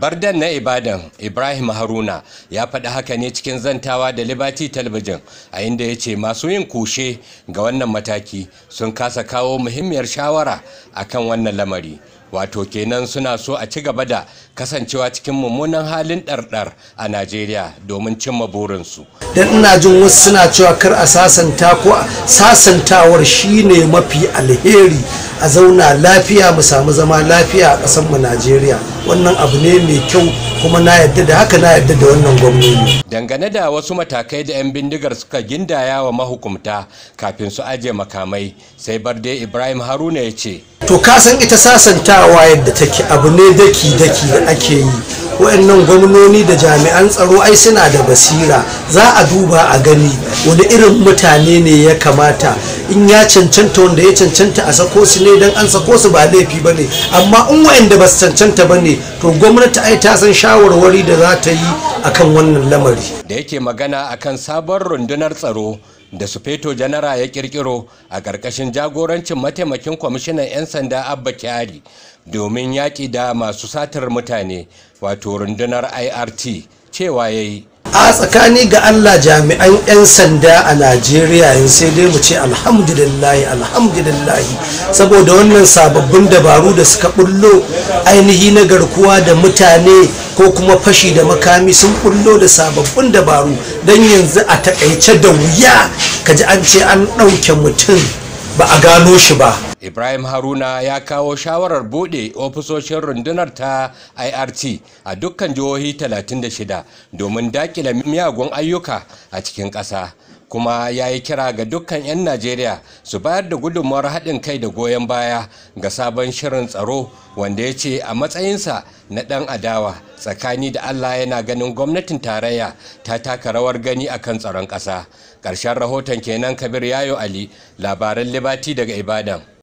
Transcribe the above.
bardan na ibadan ibrahim haruna ya faɗi haka ne cikin zantawa da liberty talabijin a inda ya ce masu yin kushe ga wannan mataki sun kasa kawo muhimmiyar shawara a kan wannan lamari wato kenan suna so a ci gaba da kasancewa cikin mummunan halin ɗarɗar a najeriya domin cimma burinsu don ina jin wasu suna cewa kar a sasanta ko sasantawar shine mafi alheri a zauna lafiya mu samu zama lafiya a ƙasarmu najeriya wannan abu ne mai kyau kuma na yadda da haka na yadda da wannan gwamnoni dangane da wasu matakai da 'yan bindigar suka gindaya wa mahukumta kafin su aje makamai sai barde ibrahim haruna ya ce to kasan ita sasantawa yadda take abu ne daki-daki da ake yi wayannan gwamnoni da jami'an tsaro ai suna da basira za a duba a gani wani irin mutane ne ya kamata in ya cancanta wanda ya cancanta a sako su ne don an sako su ba laifi ba ne amma in wayanda ba su cancanta ba ne to gwamnati ai ta san shawarwari da za ta yi akan wannan lamari da yake magana akan sabon rundunar tsaro da su feto janara ya kirkiro a ƙarƙashin jagorancin mataimakin kwamishinan 'yan sanda abba kyari domin yaƙi da masu satar mutane wato rundunar irt cewa ya yi a tsakani ga allah jami'an 'yan sanda a najeriya yin sai dai mu ce alhamdulillahi alhamdulillahi saboda wannan sababbin dabaru da suka bullo ainihi na garkuwa da mutane ko kuma fashi da makami sun bullo da sababbin dabaru don yanzu a takaice da wuya ka ji an ce an ɗauke mutum ba a gano shi ba ibrahim haruna ya kawo shawarar buɗe ofisoshin rundunar ta irt a dukkan jihohi 36 domin daƙile miyagun ayyuka a cikin ƙasa kuma ya yi kira ga dukkan 'yan najeriya su bayar da gudunmuwar haɗin kai da goyon baya ga sabon shirin tsaro wanda ya ce a matsayinsa na ɗan adawa tsakani da allah yana ganin gwamnatin tarayya ta taka rawar gani akan tsaron ƙasa ƙarshen rahoton kenan kabir yayo ali labaran libati daga ibadan